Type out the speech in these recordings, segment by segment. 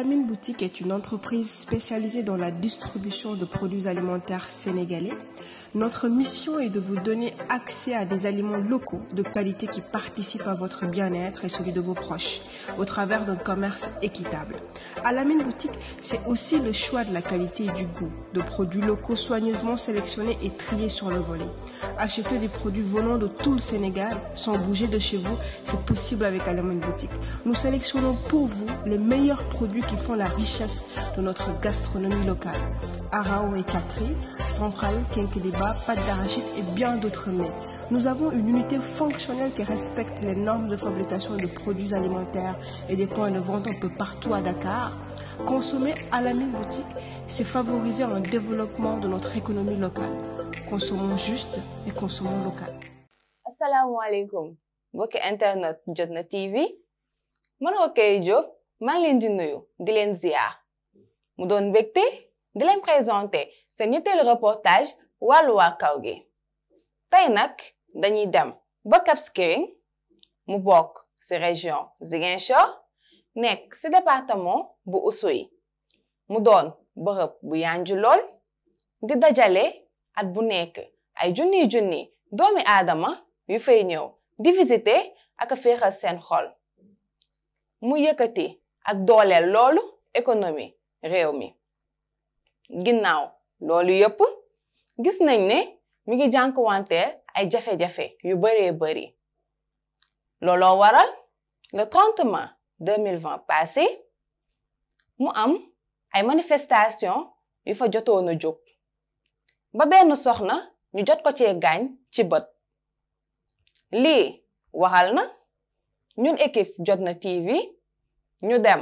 Alamine Boutique est une entreprise spécialisée dans la distribution de produits alimentaires sénégalais. Notre mission est de vous donner accès à des aliments locaux de qualité qui participent à votre bien-être et celui de vos proches au travers d'un commerce équitable. Alamine Boutique, c'est aussi le choix de la qualité et du goût de produits locaux soigneusement sélectionnés et triés sur le volet. Acheter des produits venant de tout le Sénégal sans bouger de chez vous, c'est possible avec Alamine Boutique. Nous sélectionnons pour vous les meilleurs produits qui font la richesse de notre gastronomie locale. Arao et Chakri, Central, kenkeleba, pâte d'arachide et bien d'autres mets. Nous avons une unité fonctionnelle qui respecte les normes de fabrication de produits alimentaires et des points de vente un peu partout à Dakar. Consommer Alamine boutique, c'est favoriser un développement de notre économie locale. consommons juste et consommons local. asalaamaaleykum mbokki internet Jotna TV man Rokhaya Diop maa ngi leen di nuyu di leen ziar mu doon mbégte di leen présenté seen ñetteelu reportage wàllu waa kaw gi tey nag dañuy dem ba Cap Skirring mu bokk ci région Ziguinchor nekk ci département bu Oussouye mu doon bërëb bu yanju lool di dajale at bu nekk ay junniy junni doomi aadama yu fay ñëw di visité ak a féexal seen xol mu yëkkati ak dooleel loolu économie réew mi ginnaaw loolu yépp gis nañ ne mi ngi jànkuwanteel ay jafe-jafe yu baree bari looloo waral le 30 mai 2020 passé mu am ay manifestation yu fa jotoon a jóg ba benn soxna ñu jot ko cee gaañ ci bët lii waxal na ñun équipe na TV ñu dem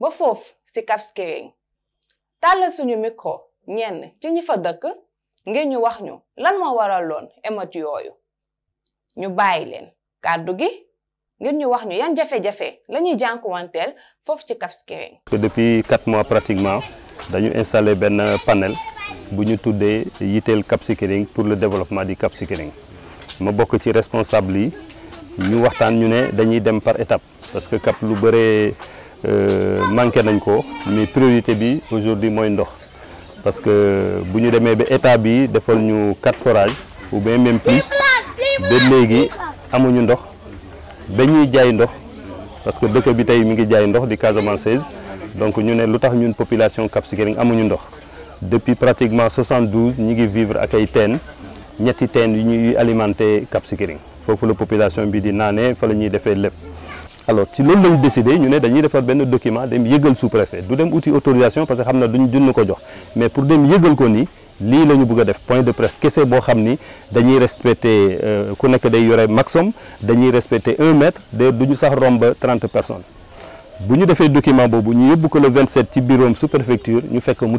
ba foof ci Cap tàll suñu micro ñenn ci ñi fa dëkk ngir ñu wax ñu lan moo loon émeute yooyu ñu bàyyi leen kàddu gi ngir ñu wax ñu yan jafe-jafe la ñuy jànkuwanteel foofu ci Cap Skirring. depuis mois pratiquement dañu installé benn panel. Nous avons le Cap pour le développement du Cap sikering ma bokk responsable yi ñu waxtaan ñu par étape parce que Cap lu manque, euh, manqué nañ priorité bi aujourd'hui ndox parce que si nous fait état nous forages ou même plus de Nous amuñu parce que dëkk bi avons mi ngi ndox di Casamance donc nous avons une population Cap depuis pratiquement 72 nous ngi vivre ak ay nous avons alimenté le ñuy alimenter Cap faut que la population bi di naanee fa la ñuy le alors si nous décidons, décidé ñu des dañuy nous benn document dem sous-préfet Nous avons outil autorisation parce que nous avons fait junn ko mais pour dem nous ko nii nous devons point de presse Nous devons respecter le dañuy respecter euh, ku nekk maximum dañuy respecter un mètre de nous faire 30 personnes Si nous avons document des ñu nous ko le 27 ci bureau sous préfecture ñu fekk mu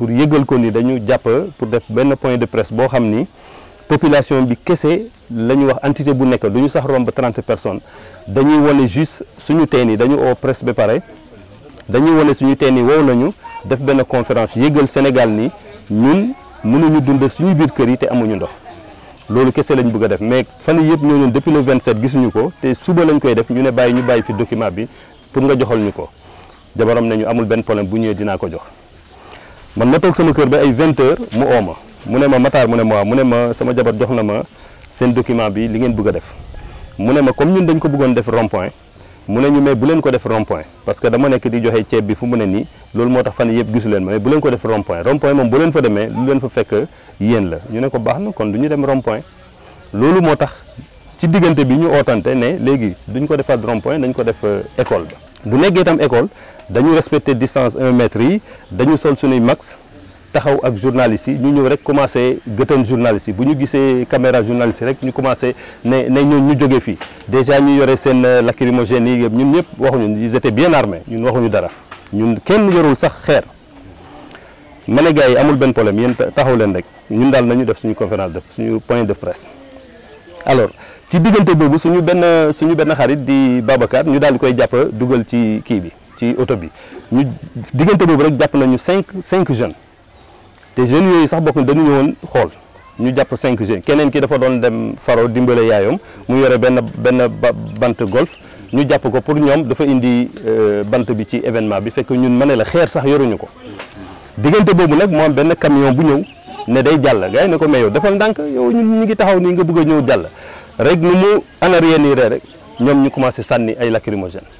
pour yëgal ko ni dañu japp pour def ben point de presse bo xamni population bi kessé lañu wax entité bu nekk duñu sax romb 30 personnes dañuy wane juste suñu téni dañu oo presse ba pare dañuy wane suñu téni yi wow nañu def ben conférence yëgal Sénégal ni ñun mënuñu dund suñu biir kër yi té amuñu ndox lolu kessé lañu bëgg def mais fan yii yëpp ñoo ñun depuis le 27 gisunu ko té suba lañ koy def ñu ne bàyyi ñu bàyyi fi document bi pour nga joxal ñuko ko jabaram nañu amul ben problème bu ñëwee dina ko jox. man ma toog sama kër ba ay 20 mu oo ma mu ne ma Matar mu ne ma mu ne ma sama jabar jox na ma seen document bi li ngeen bëgg a def mu ne ma comme ñun dañ ko bëggoon def rond point mu ne ñu mais bu leen ko def rond point parce que dama nekk di joxe ceeb bi fu mu ne nii loolu moo tax fan yëpp gisu leen ma mais bu leen ko def rond point rond point moom bu leen fa demee lu leen fa fekk yéen la ñu ne ko baax na kon du ñu dem rond loolu moo tax ci diggante bi ñu ootante ne léegi duñ ko defaat rond dañ ko def euh, école bu nekkee itam école nous respectons la distance 1 mètre, nous sanctionner max. Nous avec journaliste, nous commencé à faire des journalistes. Si nous avons vu caméra journaliste, nous avons commencé à faire des Déjà, nous avons eu des scènes lacrymogènes, Ils étaient bien armés. Nous avons eu des choses. Nous avons eu des choses. Nous avons eu des problèmes. Nous avons eu des Nous avons eu des conférences, des points de presse. Alors, si nous avons eu des choses, nous avons eu des choses. Nous avons eu des choses. Nous avons eu des choses. ci oto bi ñu diggante boobu rek jàpp nañu cinq cinq jeunes te jeunes yooyu sax bokk dañu ñëwoon xool ñu jàpp cinq jeunes keneen ki dafa doon dem faro dimbale yaayam mu yore benn benn bant golf ñu jàpp ko pour ñoom dafa indi euh, bant bi ci événement bi fekk ñun ma ne la xeer sax yoruñu ko diggante boobu nag moo am benn kamion bu ñëw ne day jàll gars ne ko mais yow defal ndànk yow ñun ñu ngi taxaw ni nga bëgg a ñëw jàll rek nu mu en arrière rek ñoom ñu commencé sànni ay lacrymogène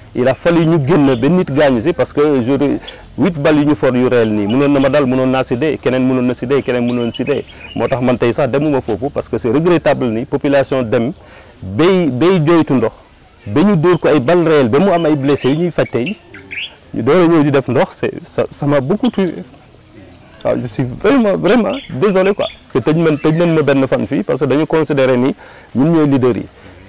il a fallu ñu génn ba nit gaañu parce que je huit balles ñu for yu réel ni mënon na ma dal mënon na si kenen mënon na si kenen mënon mënoon si man tay sax demuma foofu parce que c'est regrettable ni population dem bay bay joytu ndox ba door ko ay bal réel ba mu am ay blessé yu ñuy faté ñu door ñeu di def ndox c'est ça m'a beaucoup tué je suis vraiment vraiment désolé quoi que tëj man tëj nañ ma ben fan fi parce que dañu considérer ni ñun ñoy leader yi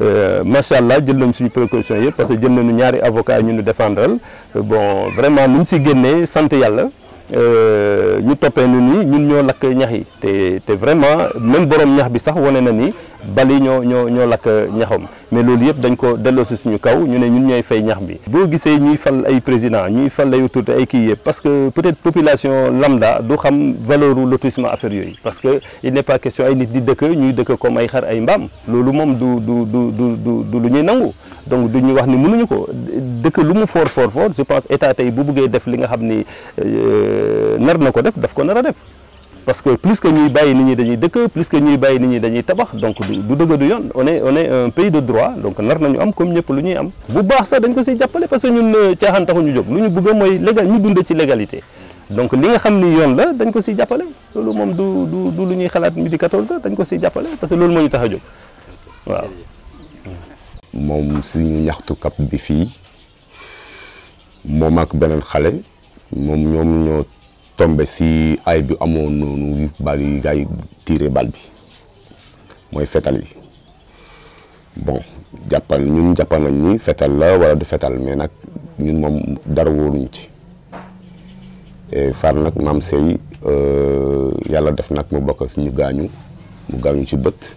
Euh, macha allah jël suñu précaution yëpp parce que jël nañu ñaari avocat ñu nu défendral euh, bon vraiment nu ci si génnee yalla nous sommes nous pour nous ñoo vraiment même borom ñax bi sax gens na ni bali ñoo ñoo mais le lieu dañ ko nous suñu kaw ne ñun fay ñax bi. qui fal président fal parce que peut-être population lambda du xam valeur ou lotissement parce que il n'est pas question de nit que nous ñuy comme ay ay du du donc duñu wax ni mënuñu ko dëkk lu mu fort fort fort je pense état tey bu buggee def li nga xam ni euh, nar nako def daf ko nara def parce que plus que ñuy bayyi nit ñi dañuy dëkk plus que ñuy bayyi nit ñi dañuy tabax donc du dëgg du yoon on est on est un pays de droit donc nar nañu am comme ñëpp lu ñuy am bu baax sax dañ ko ci jappalé parce que ñun euh, caaxaan taxu ñu jog lu ñu bëgg moy légal ñu dund ci légalité donc li nga xamni ni yoon la dañ ko ci jappalé loolu mom du du du lu ñuy xalaat midi 14 dañ ko ci jappalé parce que loolu moo ñu tax waaw moom suñu ñaxtukat bi fii moom ak beneen xale moom ñoom ñoo tombé si ay bi amoon noonu bal yi gars yi tiré bal bi mooy fetal yi bon jàppal ñun jàppal nañ ni fetal la wala du fetal mais nag ñun moom dara wóoruñ ci e far nag maam sey euh, yàlla def nag mu bokk suñu gaañu mu gaañu ci bët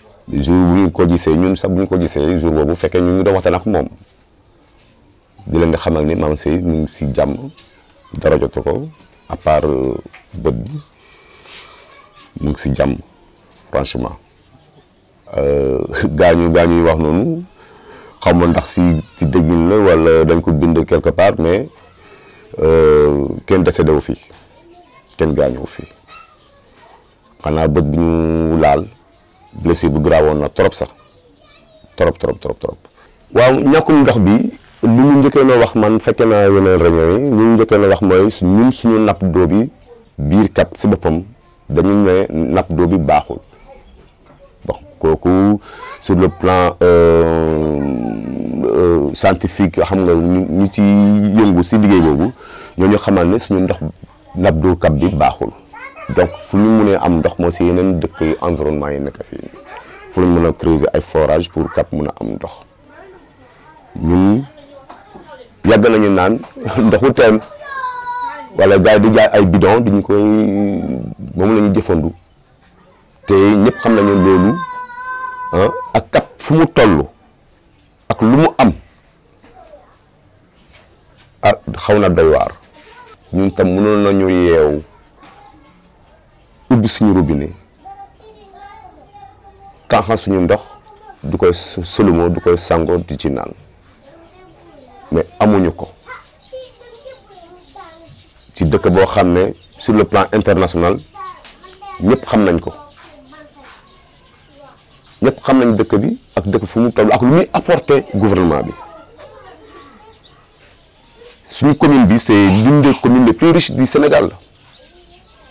jour bu ñu ko gisee ñun sax bu ñu ko gisee jour boobu bu fekkee ñun ñu doo waxtaan ak moom di leen di xamal ni maam Seye mu ngi si jàmm dara jotu ko à euh, bët bi mu si jàmm franchement gaañu gaañu yi wax noonu xam ma ndax si si la wala dañ ko bind quelque part mais euh, kenn décédé wu fi kenn gaañu wu fi xanaa bët bi ñu laal. blessure bu garaawoon nag trop sax trop trop trop waaw ñàkkum ndox bi. lu ñu njëkkee na wax man fekkee naa yeneen réunion yi ñu njëkkee na wax mooy ñun suñu napp doo bi biir kat si boppam dañu ne napp doo bi baaxul bon kooku sur le plan euh, euh, scientifique xam nga ñu ci yëngu si liggéey boobu ñoo ñu xamal ne suñu ndox napp doo kat bi baaxul donc fu ñu am ndox moo si yeneen dëkk yu yi nekk fii nii mën a creuser ay forage pour kat mën a am ndox ñun yàgg naan ndoxu teen wala gars yi di ay bidon diñu koy moom la te ñëpp xam nañu loolu ah, ak kat fu mu toll ak lu mu am ah xaw na doy waar ñun tam mënoon nañu yeew ubbi suñu robinet suñu ndox du koy du di ci mais amuñu ko ci dëkk sur le plan international ñëpp xam ko ñëpp xam dëkk bi ak dëkk fu mu toll ak gouvernement bi commune bi c'est des communes les plus riches du Sénégal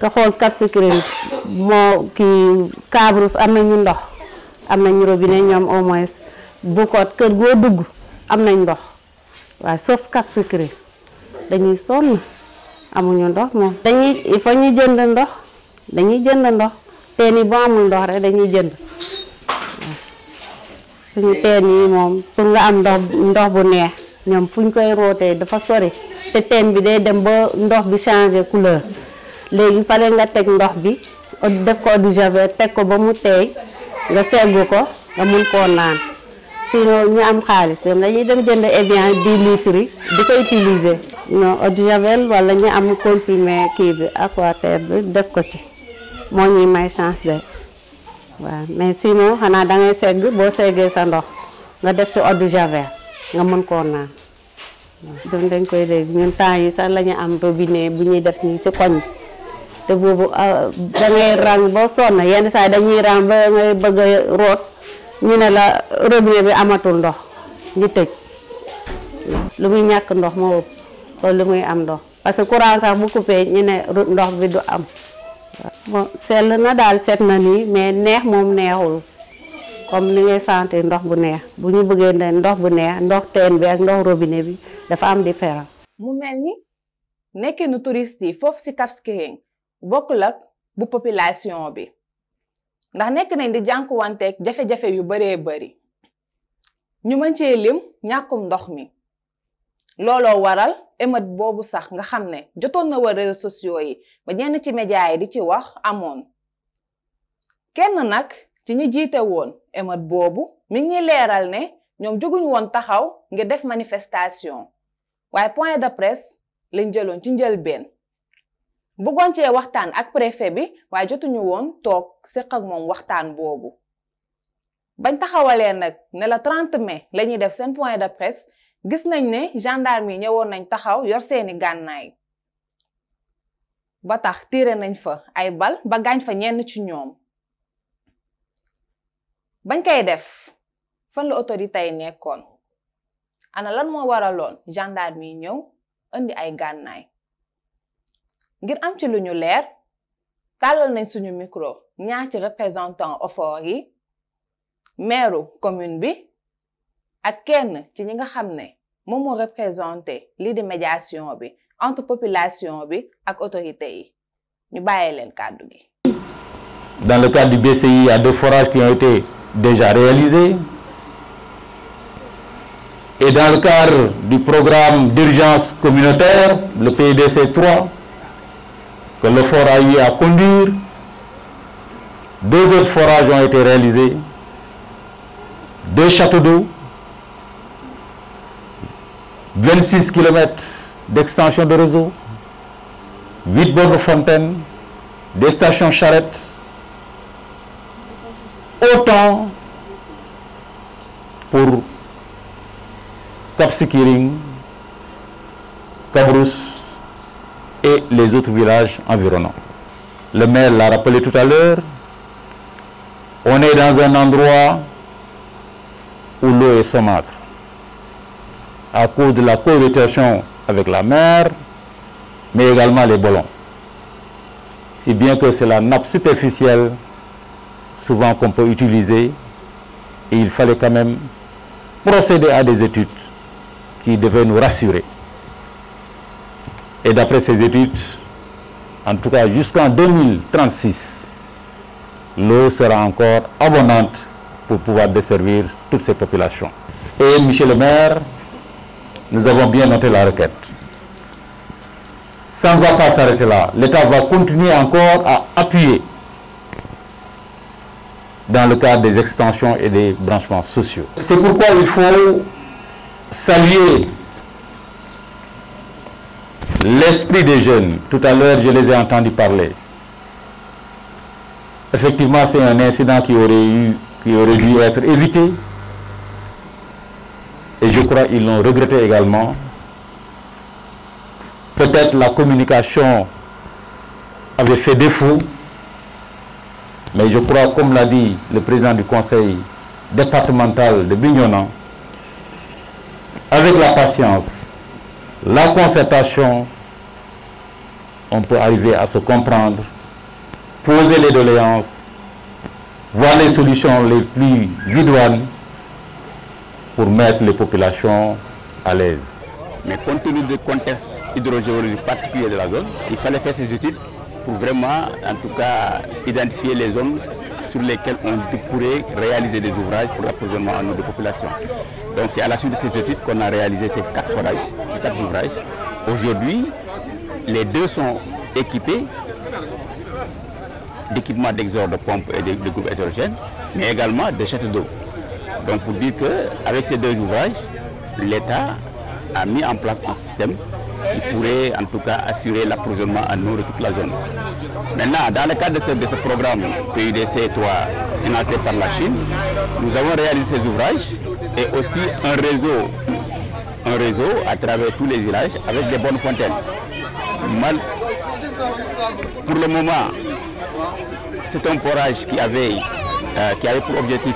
nga xool Cap Skirring moo kii Cabrousse am nañu ndox am na ñu robinet ñoom au bu Boucotte kër goo dugg am nañ ndox waaye sauf Cap Skirring dañuy sonn amuñu ndox moom dañuy il faut ñu jënd ndox dañuy jënd ndox teen yi boo amul ndox rek dañuy jënd suñu teen yi moom pour nga am ndox ndox bu neex ñoom fu ñu koy rootee dafa sori te teen bi day dem ba ndox bi changer couleur léegi pare nga teg ndox bi def ko eau de javel teg ko ba mu teey nga seggu ko nga mun koo naan sinon ñu am xaalis ñoom dañuy dem jënd Evian 10 litres yi di ko utiliser non eau de javel wala ñu am comprimé kii bi Aquaterre bi def ko ci moo ñuy may chance de waaw mais sinon xanaa dangay segg boo seggee sa ndox nga def si eau de javel nga mun koo naan doon dañ koy léegi ñun temps yi sax la ñu am robinet bu ñuy def nii si koñ te boobu ah, da ngay rang ba sonn yenn saa yi dañuy rang ba ngay bëgg root ñu ne la robinet bi amatul ndox ñu tëj lu muy ñàkk ndox moo ëpp loolu lu muy am ndox parce que courant sax bu coupé ñu ne ndox bi du am bon sell na daal set na nii mais neex moom neexul comme ni ngay santé ndox bu neex bu ñu bëggee ne ndox bu neex ndox teen bi ak ndox robinet bi dafa am différence mu mel ni nekkee nu yi foofu si Cap Skirring bokkul ak bu population bi ndax nekk nañ di jànkuwanteeg jafe-jafe yu baree bari ñu mën cee lim ñàkkum ndox mi looloo waral émeute boobu sax nga xam ne jotoon na war réseaux sociaux yi ba ñenn ci médias yi di ci wax amoon kenn nag ci ñi jiite woon émeute boobu mi ngi leeral ne ñoom jóguñ woon taxaw ngir def manifestation waaye point de presse lañ jëloon ci njëlbeen bëggoon cee waxtaan ak préfet bi waaye jotuñu woon toog séq ak moom waxtaan boobu bañ taxawalee nag nela la mais lañuy def seen point de presse gis nañ ne gendarme yi ñëwoon nañ taxaw yor seeni gànnaay ba tax tiire nañ fa ay bal ba gaañ fa ñenn ci ñoom bañ koy def fan la autorité yi nekkoon ana lan moo waraloon gendarme yi ñëw indi ay gànnaay ngir am ci lu ñu leer tàllal nañ suñu micro ñaar ci représentant OFOR yi meeru commune bi ak kenn ci ñi nga xam ne moom représenté médiation bi entre population bi ak autorité yi ñu bàyyee leen kàddu gi. Dans le cadre du BCI, il y a deux forages qui ont été déjà réalisés. Et dans le cadre du programme d'urgence communautaire, le PDC 3, que le fort a eu à conduire. Deux autres forages ont été réalisés. Deux châteaux d'eau. 26 km d'extension de réseau. 8 de fontaine Des stations charrettes. Autant pour cap securing Cabrousse, et les autres villages environnants. Le maire l'a rappelé tout à l'heure, on est dans un endroit où l'eau est saumâtre. À cause de la cohabitation avec la mer, mais également les bolons. Si bien que c'est la nappe superficielle souvent qu'on peut utiliser et il fallait quand même procéder à des études qui devaient nous rassurer. Et d'après ces études, en tout cas jusqu'en 2036, l'eau sera encore abondante pour pouvoir desservir toutes ces populations. Et Michel le maire, nous avons bien noté la requête. Ça ne va pas s'arrêter là. L'État va continuer encore à appuyer dans le cadre des extensions et des branchements sociaux. C'est pourquoi il faut saluer l'esprit des jeunes, tout à l'heure je les ai entendus parler. Effectivement, c'est un incident qui aurait, dû être évité. Et je crois qu'ils l'ont regretté également. Peut-être la communication avait fait défaut, mais je crois, comme l'a dit le président du conseil départemental de Bignonan, avec la patience, la concertation on peut arriver à se comprendre, poser les doléances, voir les solutions les plus idoines pour mettre les populations à l'aise. Mais compte tenu du contexte hydrogéologique particulier de la zone, il fallait faire ces études pour vraiment, en tout cas, identifier les zones sur lesquelles on pourrait réaliser des ouvrages pour l'approvisionnement en eau de population. Donc c'est à la suite de ces études qu'on a réalisé ces quatre forages, ces quatre ouvrages. Aujourd'hui, les deux sont équipés d'équipements d'exor de pompes et de, groupes hétérogènes, mais également de châteaux d'eau. Donc pour dire qu'avec ces deux ouvrages, l'État a mis en place un système qui pourrait en tout cas assurer l'approvisionnement à nous de toute la zone. Maintenant, dans le cadre de ce, programme PUDC 3 financé par la Chine, nous avons réalisé ces ouvrages et aussi un réseau, un réseau à travers tous les villages avec des bonnes fontaines. Pour le moment, c'est un forage qui avait, euh, qui avait pour objectif,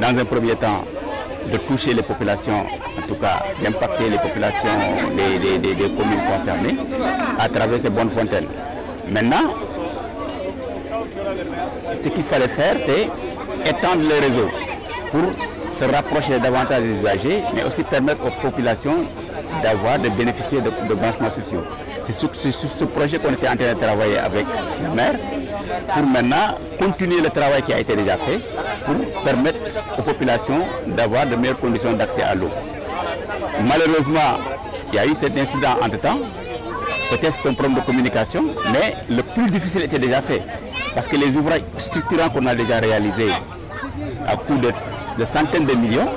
dans un premier temps, de toucher les populations, en tout cas d'impacter les populations des, des, communes concernées à travers ces bonnes fontaines. Maintenant, ce qu'il fallait faire, c'est étendre le réseau pour se rapprocher davantage des usagers, mais aussi permettre aux populations d'avoir, de bénéficier de, de branchements sociaux. C'est sur, ce projet qu'on était en train de travailler avec le maire pour maintenant continuer le travail qui a été déjà fait pour permettre aux populations d'avoir de meilleures conditions d'accès à l'eau. Malheureusement, il y a eu cet incident entre-temps. Peut-être c'est un problème de communication, mais le plus difficile était déjà fait. Parce que les ouvrages structurants qu'on a déjà réalisés à coût de centaines de millions,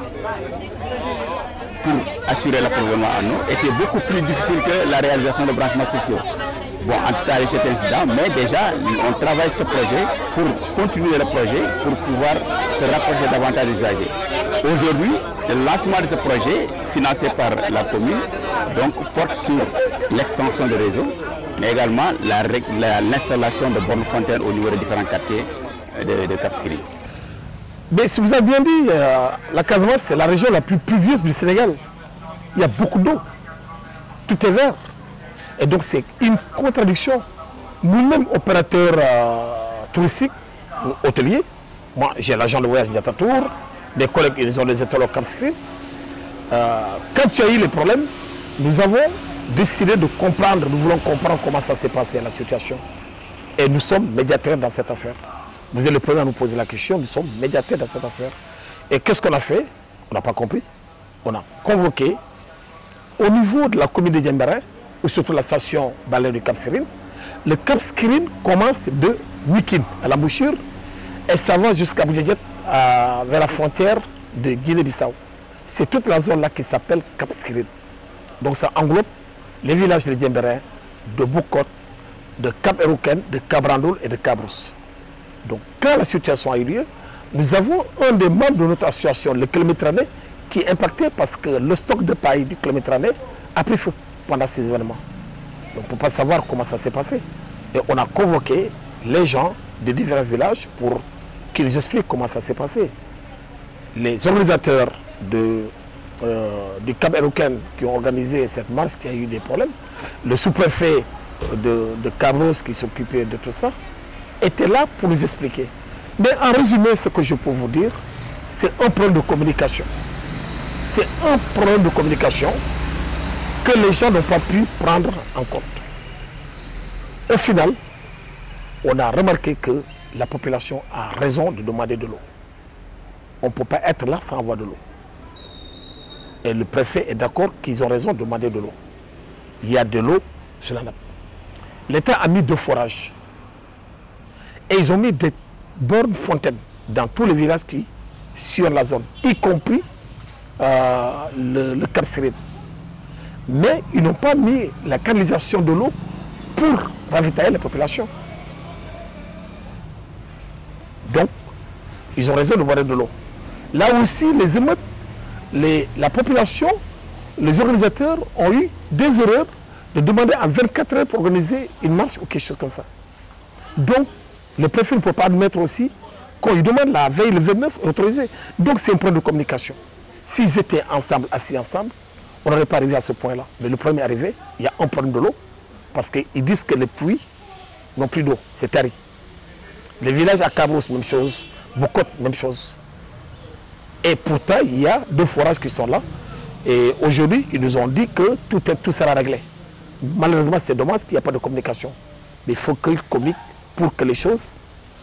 pour assurer l'approvisionnement en eau était beaucoup plus difficile que la réalisation de branchements sociaux. Bon, en tout cas, cet incident, mais déjà, on travaille ce projet pour continuer le projet, pour pouvoir se rapprocher davantage des usagers. Aujourd'hui, le lancement de ce projet, financé par la commune, donc porte sur l'extension du réseau, mais également l'installation de bonnes fontaines au niveau des différents quartiers euh, de, de cap Mais si vous avez bien dit, euh, la Casamance, c'est la région la plus pluvieuse du Sénégal il y a beaucoup d'eau. Tout est vert. Et donc c'est une contradiction. Nous-mêmes, opérateurs euh, touristiques, hôteliers, moi j'ai l'agent de voyage d'Atatour, mes collègues ils ont les étoiles au Cap quand tu as eu les problèmes, nous avons décidé de comprendre, nous voulons comprendre comment ça s'est passé, la situation. Et nous sommes médiateurs dans cette affaire. Vous êtes le premier à nous poser la question, nous sommes médiateurs dans cette affaire. Et qu'est-ce qu'on a fait On n'a pas compris. On a convoqué au niveau de la commune de Djemberin, ou surtout la station balnéaire de Cap Skirring, le Cap Skirring commence de Mikim, à l'embouchure et s'avance jusqu'à Boudjadjet vers la frontière de Guinée-Bissau. C'est toute la zone là qui s'appelle Cap Skirring. Donc ça englobe les villages de Djemberin, de Boukot, de Cap Erouken, de Cabrandoul et de Cabrous. Donc quand la situation a eu lieu, nous avons un des membres de notre association, le Kilométrané qui est impacté parce que le stock de paille du Clémétrané a pris feu pendant ces événements. Donc, on ne peut pas savoir comment ça s'est passé. Et on a convoqué les gens de divers villages pour qu'ils expliquent comment ça s'est passé. Les organisateurs de, euh, du Cap qui ont organisé cette marche, qui a eu des problèmes, le sous-préfet de, de qui s'occupait de tout ça, était là pour nous expliquer. Mais en résumé, ce que je peux vous dire, c'est un problème de communication c'est un problème de communication que les gens n'ont pas pu prendre en compte. Au final, on a remarqué que la population a raison de demander de l'eau. On ne peut pas être là sans avoir de l'eau. Et le préfet est d'accord qu'ils ont raison de demander de l'eau. Il y a de l'eau cela n'a pas. L'État a mis deux forages. Et ils ont mis des bornes fontaines dans tous les villages qui sur la zone, y compris euh, le, Cap Sirène. Mais ils n'ont pas mis la canalisation de l'eau pour ravitailler la population. Donc, ils ont raison de voir de l'eau. Là aussi, les émeutes, les, la population, les organisateurs ont eu des erreurs de demander à 24 heures pour organiser une marche ou quelque chose comme ça. Donc, le préfet ne peut pas admettre aussi qu'on lui demande la veille, le 29, autorisé Donc, c'est un problème de communication. S'ils étaient ensemble, assis ensemble, on n'aurait pas arrivé à ce point-là. Mais le problème est arrivé, il y a un problème de l'eau, parce qu'ils disent que les puits n'ont plus d'eau, c'est terrible. Les villages à Kamos, même chose. Bocot, même chose. Et pourtant, il y a deux forages qui sont là. Et aujourd'hui, ils nous ont dit que tout, est, tout sera réglé. Malheureusement, c'est dommage qu'il n'y a pas de communication. Mais il faut qu'ils communiquent pour que les choses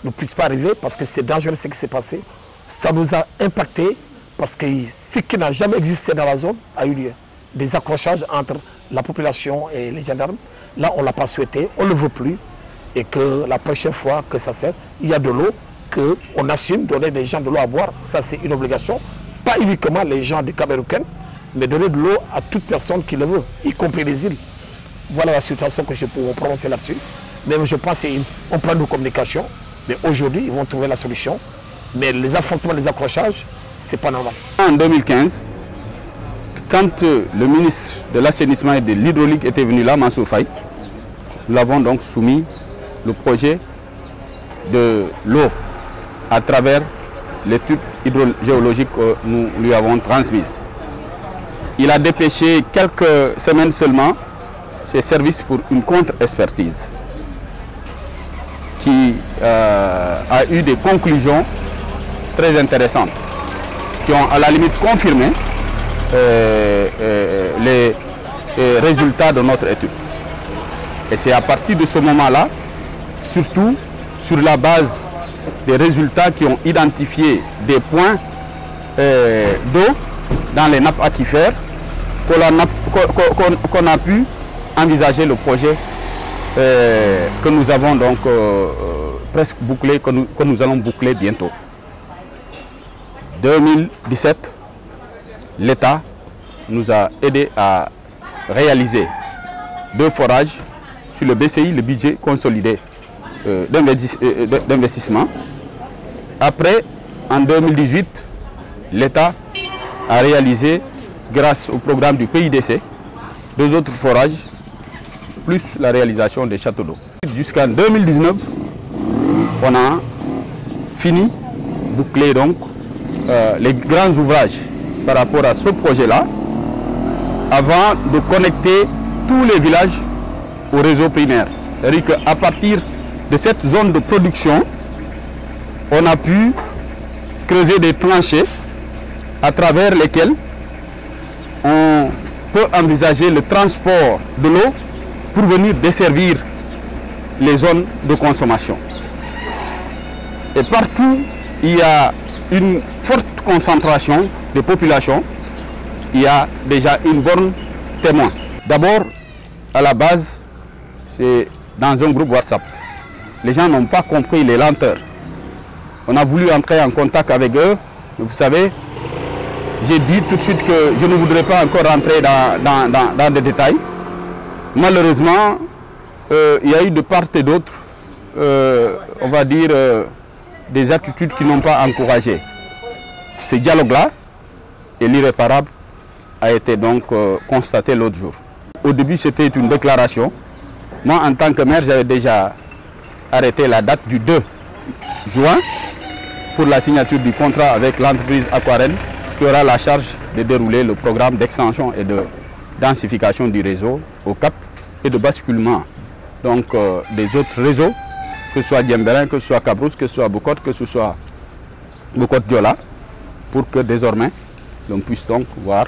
ne puissent pas arriver parce que c'est dangereux ce qui s'est passé. Ça nous a impacté parce que ce qui n'a jamais existé dans la zone a eu lieu. Des accrochages entre la population et les gendarmes. Là, on ne l'a pas souhaité, on ne le veut plus. Et que la prochaine fois que ça sert, il y a de l'eau, qu'on assume donner des gens de l'eau à boire. Ça, c'est une obligation. Pas uniquement les gens du Cameroun, mais donner de l'eau à toute personne qui le veut, y compris les îles. Voilà la situation que je peux prononcer là-dessus. Même je pense qu'on prend nos communications, Mais aujourd'hui, ils vont trouver la solution. Mais les affrontements, les accrochages, c'est pas normal. En 2015, quand euh, le ministre de l'assainissement et de l'hydraulique était venu là, Mansour nous l'avons donc soumis le projet de l'eau à travers l'étude hydrogéologique que nous lui avons transmise. Il a dépêché quelques semaines seulement ses services pour une contre-expertise qui euh, a eu des conclusions très intéressantes qui ont à la limite confirmé euh, euh, les euh, résultats de notre étude. Et c'est à partir de ce moment-là, surtout sur la base des résultats qui ont identifié des points d'eau dans les nappes aquifères qu'on a, pu envisager le projet que nous avons donc presque bouclé, que que nous allons boucler bientôt. 2017, l'État nous a aidé à réaliser deux forages sur le BCI, le budget consolidé euh, euh, d'investissement. Après, en 2018, l'État a réalisé, grâce au programme du PIDC, deux autres forages, plus la réalisation des châteaux d'eau. Jusqu'en 2019, on a fini, bouclé donc euh, les grands ouvrages par rapport à ce projet-là, avant de connecter tous les villages au réseau primaire. C'est-à-dire qu'à partir de cette zone de production, on a pu creuser des tranchées à travers lesquelles on peut envisager le transport de l'eau pour venir desservir les zones de consommation. Et partout, il y a une forte concentration de population, il y a déjà une borne témoin. D'abord, à la base, c'est dans un groupe WhatsApp. Les gens n'ont pas compris les lenteurs. On a voulu entrer en contact avec eux, vous savez, j'ai dit tout de suite que je ne voudrais pas encore entrer dans, des détails. Malheureusement, euh, il y a eu de part et d'autre, euh, on va dire, euh, des attitudes qui n'ont pas encouragé ce dialogue-là et l'irréparable a été donc euh, constaté l'autre jour. Au début, c'était une déclaration. Moi, en tant que maire, j'avais déjà arrêté la date du 2 juin pour la signature du contrat avec l'entreprise Aquarelle qui aura la charge de dérouler le programme d'extension et de densification du réseau au Cap et de basculement donc, euh, des autres réseaux que ce soit Diemberin, que ce soit Cabrousse, que ce soit Boucotte, que ce soit Boucotte Diola, pour que désormais l'on puisse donc voir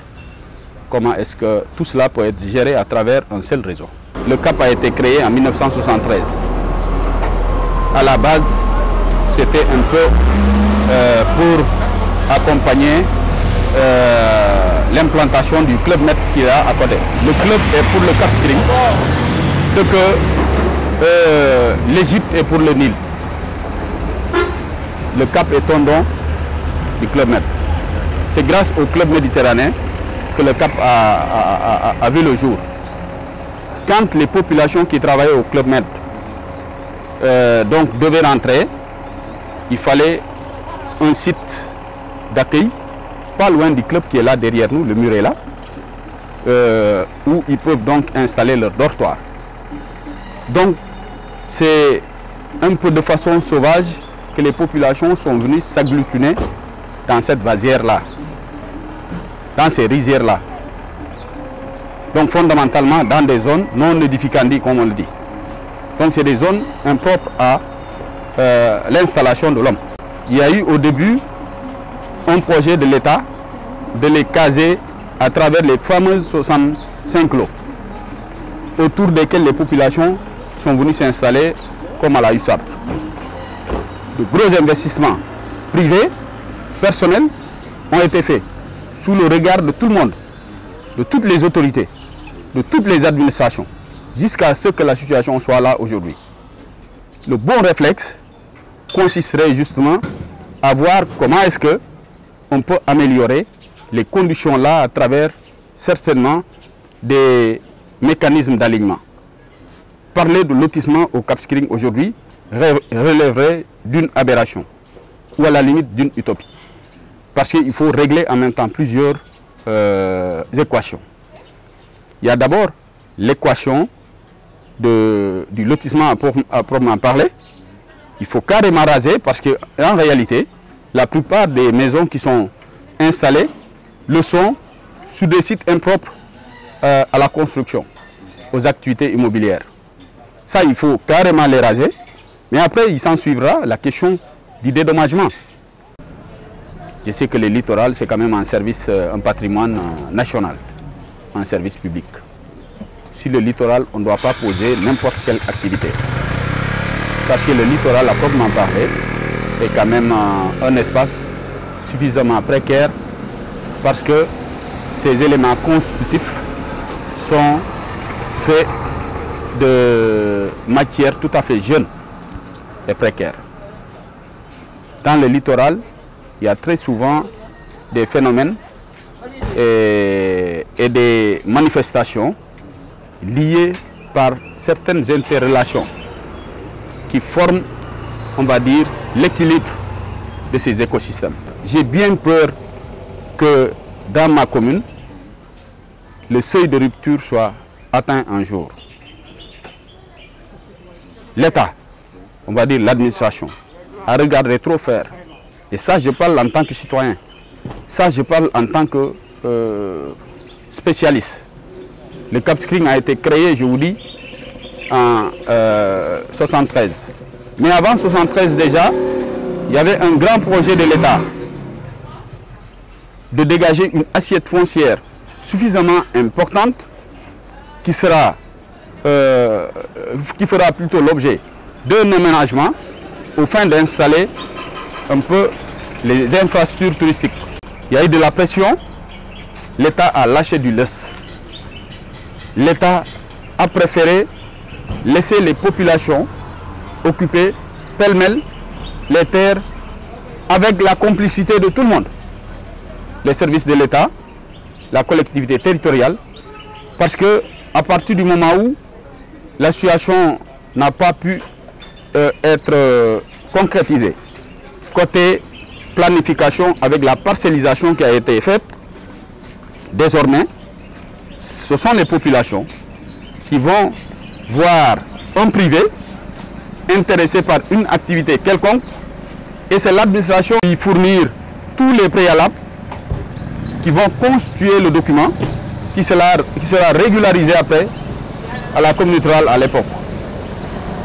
comment est-ce que tout cela peut être géré à travers un seul réseau. Le CAP a été créé en 1973. À la base, c'était un peu euh, pour accompagner euh, l'implantation du club net qu'il a à côté. Le club est pour le Cap Screen, ce que l'Egypte euh, l'Égypte et pour le Nil. Le cap est un don du Club Med. C'est grâce au Club méditerranéen que le cap a, vu le jour. Quand les populations qui travaillaient au Club Med euh, donc, devaient rentrer, il fallait un site d'accueil, pas loin du club qui est là derrière nous, le mur est là, euh, où ils peuvent donc installer leur dortoir. Donc c'est un peu de façon sauvage que les populations sont venues s'agglutiner dans cette vasière-là, dans ces rizières-là. Donc fondamentalement dans des zones non édificandies comme on le dit. Donc c'est des zones impropres à euh, l'installation de l'homme. Il y a eu au début un projet de l'État de les caser à travers les fameuses 65 lots autour desquels les populations sont venus s'installer comme à la USAP. De gros investissements privés, personnels, ont été faits sous le regard de tout le monde, de toutes les autorités, de toutes les administrations, jusqu'à ce que la situation soit là aujourd'hui. Le bon réflexe consisterait justement à voir comment est-ce que on peut améliorer les conditions là à travers certainement des mécanismes d'alignement parler de lotissement au Cap aujourd'hui relèverait d'une aberration ou à la limite d'une utopie. Parce qu'il faut régler en même temps plusieurs euh, équations. Il y a d'abord l'équation du lotissement à, proprement parler. Il faut carrément raser parce qu'en réalité, la plupart des maisons qui sont installées le sont sur des sites impropres euh, à la construction, aux activités immobilières. Ça, il faut carrément les raser. Mais après, il s'en suivra la question du dédommagement. Je sais que le littoral, c'est quand même un service, euh, un patrimoine euh, national, un service public. Sur le littoral, on ne doit pas poser n'importe quelle activité. Parce que le littoral, à proprement parler, est quand même euh, un espace suffisamment précaire parce que ces éléments constitutifs sont faits de matière tout à fait jeune et précaire. Dans le littoral, il y a très souvent des phénomènes et, et des manifestations liées par certaines interrelations qui forment, on va dire, l'équilibre de ces écosystèmes. J'ai bien peur que dans ma commune, le seuil de rupture soit atteint un jour l'État, on va dire l'administration, a regardé trop faire. Et ça, je parle en tant que citoyen. Ça, je parle en tant que euh, spécialiste. Le Cap Screen a été créé, je vous dis, en 1973. Euh, Mais avant 1973 déjà, il y avait un grand projet de l'État de dégager une assiette foncière suffisamment importante qui sera euh, qui fera plutôt l'objet d'un aménagement au fin d'installer un peu les infrastructures touristiques. Il y a eu de la pression, l'État a lâché du laisse. L'État a préféré laisser les populations occuper pêle-mêle les terres avec la complicité de tout le monde. Les services de l'État, la collectivité territoriale, parce que à partir du moment où la situation n'a pas pu euh, être euh, concrétisée. Côté planification, avec la parcellisation qui a été faite, désormais, ce sont les populations qui vont voir un privé intéressé par une activité quelconque et c'est l'administration qui fournir tous les préalables qui vont constituer le document qui sera, qui sera régularisé après à la commune Neutrale à l'époque.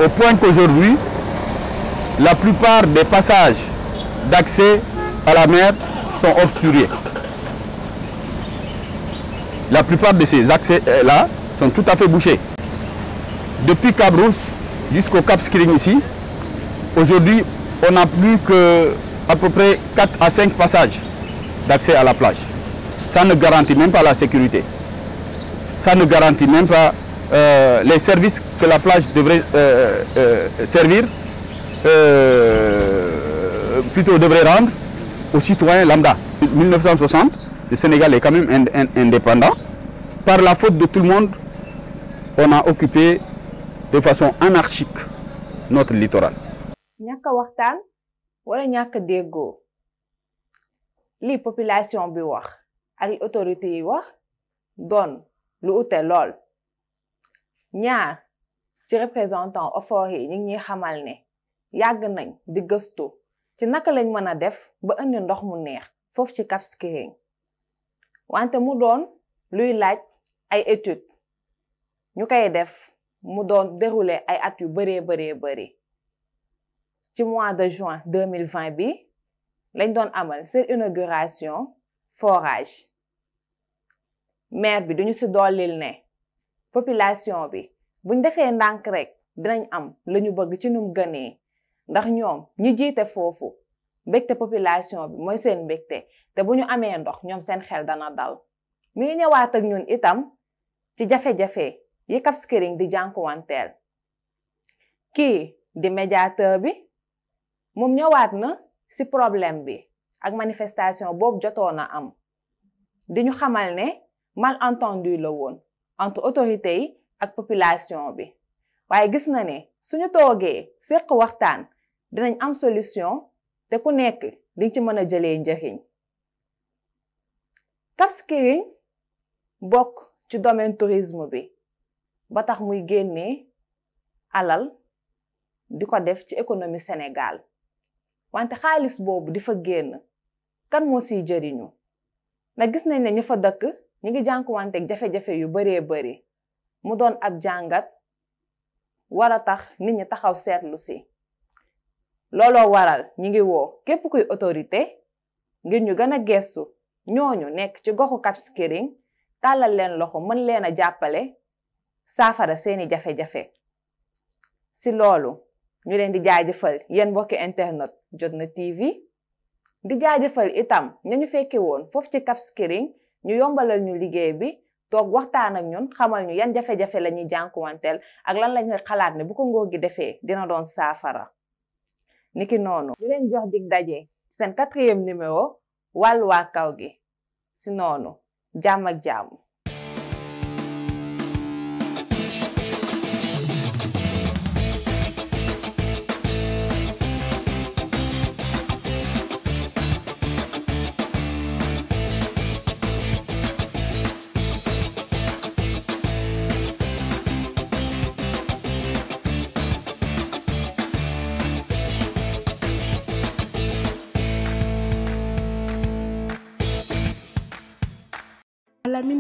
Au point qu'aujourd'hui, la plupart des passages d'accès à la mer sont obstrués. La plupart de ces accès-là sont tout à fait bouchés. Depuis Cabrousse jusqu'au Cap Skring ici, aujourd'hui, on n'a plus que à peu près 4 à 5 passages d'accès à la plage. Ça ne garantit même pas la sécurité. Ça ne garantit même pas euh, les services que la plage devrait euh, euh, servir, plutôt devrait rendre aux citoyens lambda. 1960, le Sénégal est quand même indépendant. Par la faute de tout le monde, on a occupé de façon anarchique notre littoral. Les populations wala ñaar ci représentant OFOR yi ñi ngi ñuy xamal ne yàgg nañ di gëstu ci naka lañ mën a def ba indi ndox mu neex foofu ci Cap Skirring wante mu doon luy laaj ay études ñu koy def mu doon dérouler ay at yu bëree bëree bëri ci mois de juin 2020 bi lañ doon amal seen inauguration forage maire bi duñu si dollil ne population bi buñ defee ndànk rek dinañ am la ñu bëgg ci num gënee ndax ñoom ñi jiite foofu mbégte population bi mooy seen mbégte te bu ñu amee ndox ñoom seen xel dana dal mi ngi ñëwaat ak ñun itam ci jafe-jafe yi Cap Skirring di jànkuwanteel kii di médiateur bi moom ñëwaat na ci problème bi ak manifestation boobu jotoon na am di ñu xamal ne malentendu la woon entre autorité yi ak population bi waaye gis na ne suñu toogee séq waxtaan dinañ am solution te ku nekk diñ ci mën a jëlee njëriñ Cap Skirring bokk ci domaine tourisme bi ba tax muy génnee alal di ko def ci économie Sénégal wante xaalis boobu di fa génn kan moo si jëriñu na gis nañ ne ñu fa dëkk ñu ngi jànkuwanteeg jafe-jafe yu baree bari mu doon ab jàngat war a tax nit ñi taxaw seetlu si loolo waral ñi ngi woo képp kuy autorité ngir ñu gën a gestu ñooñu nekk ci goxu Cap Skirring tàllal leen loxo mën leen a jàppale saafara seeni jafe-jafe si loolu ñu leen di jaajëfal yéen mbokki internet jot Jotna TV di jaajëfal itam ñañu fekke woon foofu ci Cap Skirring ñu yombalal ñu liggéey bi toog waxtaan ak ñun xamal ñu yan jafe-jafe la ñuy jànkuwanteel ak lan lañuy xalaat ne bu ko nguur gi defee dina doon saafara niki noonu di leen jox dig daje seen quatrième numéro wàllu waa kaw gi si noonu jàmm ak jàmm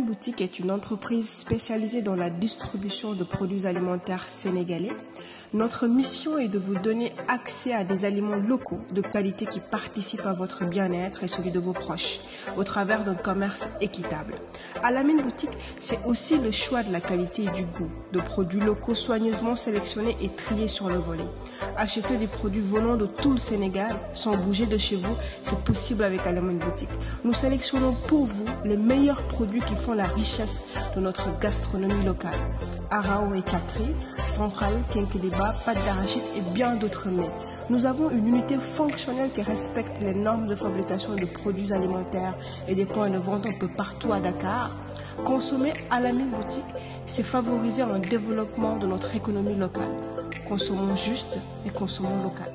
Boutique est une entreprise spécialisée dans la distribution de produits alimentaires sénégalais notre mission est de vous donner accès à des aliments locaux de qualité qui participent à votre bien-être et celui de vos proches au travers d'un commerce équitable. Alamine Boutique, c'est aussi le choix de la qualité et du goût de produits locaux soigneusement sélectionnés et triés sur le volet. Acheter des produits venant de tout le Sénégal sans bouger de chez vous, c'est possible avec Alamine Boutique. Nous sélectionnons pour vous les meilleurs produits qui font la richesse de notre gastronomie locale. Arao et Chakri, Central, Kinkeliba, pâte pas et bien d'autres mets. Nous avons une unité fonctionnelle qui respecte les normes de fabrication de produits alimentaires et des points de vente un peu partout à Dakar. Consommer à la même boutique, c'est favoriser un développement de notre économie locale. Consommons juste et consommons local.